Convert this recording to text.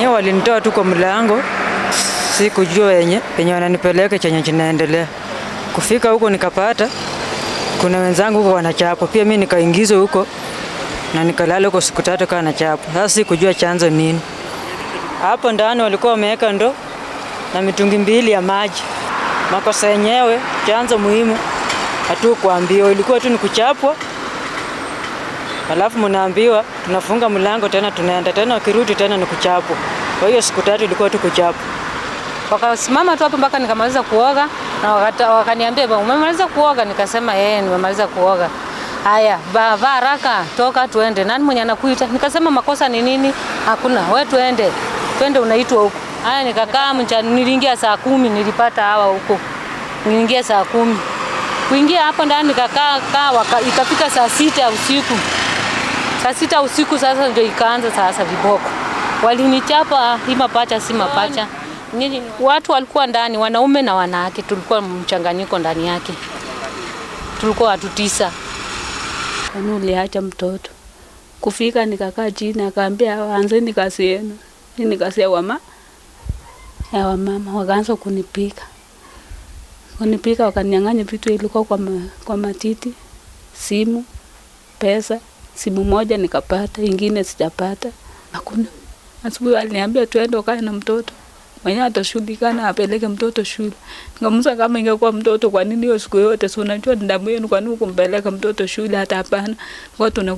Wenyewe walinitoa tu kwa mlango, sikujua wenye wenye wananipeleka chenye chinaendelea. Kufika huko nikapata kuna wenzangu huko wanachapo, pia mimi nikaingizwa huko na nikalala huko siku tatu kana wanachapo. Sasa sikujua chanzo nini. Hapo ndani walikuwa wameweka ndo na mitungi mbili ya maji. Makosa yenyewe chanzo muhimu hatukuambiwa, ilikuwa tu ni kuchapwa alafu mnaambiwa tunafunga mlango tena, tunaenda tena, ukirudi tena ni kuchapo. Kwa hiyo siku tatu ilikuwa tu kuchapo, wakasimama tu hapo mpaka nikamaliza kuoga na wakaniambia waka umemaliza kuoga? Nikasema eh, nimemaliza kuoga. Haya, vaa haraka, toka tuende. Nani mwenye anakuita? Nikasema makosa ni nini? Hakuna, wewe tuende, twende, unaitwa huko. Haya, nikakaa mcha, niliingia saa kumi, nilipata hawa huko, niliingia saa kumi kuingia hapo ndani nikakaa kaa, ikafika saa sita ya usiku. Saa sita usiku sasa ndio ikaanza sasa viboko. Walinichapa hii mapacha si mapacha. Nini, watu walikuwa ndani wanaume na wanawake, tulikuwa mchanganyiko ndani yake, tulikuwa watu tisa. Uliacha mtoto kufika, nikakaa chini, akaambia waanzeni nikasi yenu. ni nikasi ya wama ya wamama, wakaanza kunipika kunipika, wakaninyang'anya vitu ilikuwa kwa, ma, kwa matiti, simu, pesa simu moja nikapata, ingine sijapata, hakuna. Asubuhi aliniambia tuende ukae na mtoto mwenyewe atashughulika apeleke mtoto shule. Nikamuuliza kama ingekuwa mtoto, kwa nini hiyo siku yote? Si unajua damu yenu, kwa nini kumpeleka mtoto shule? Hata hapana, watu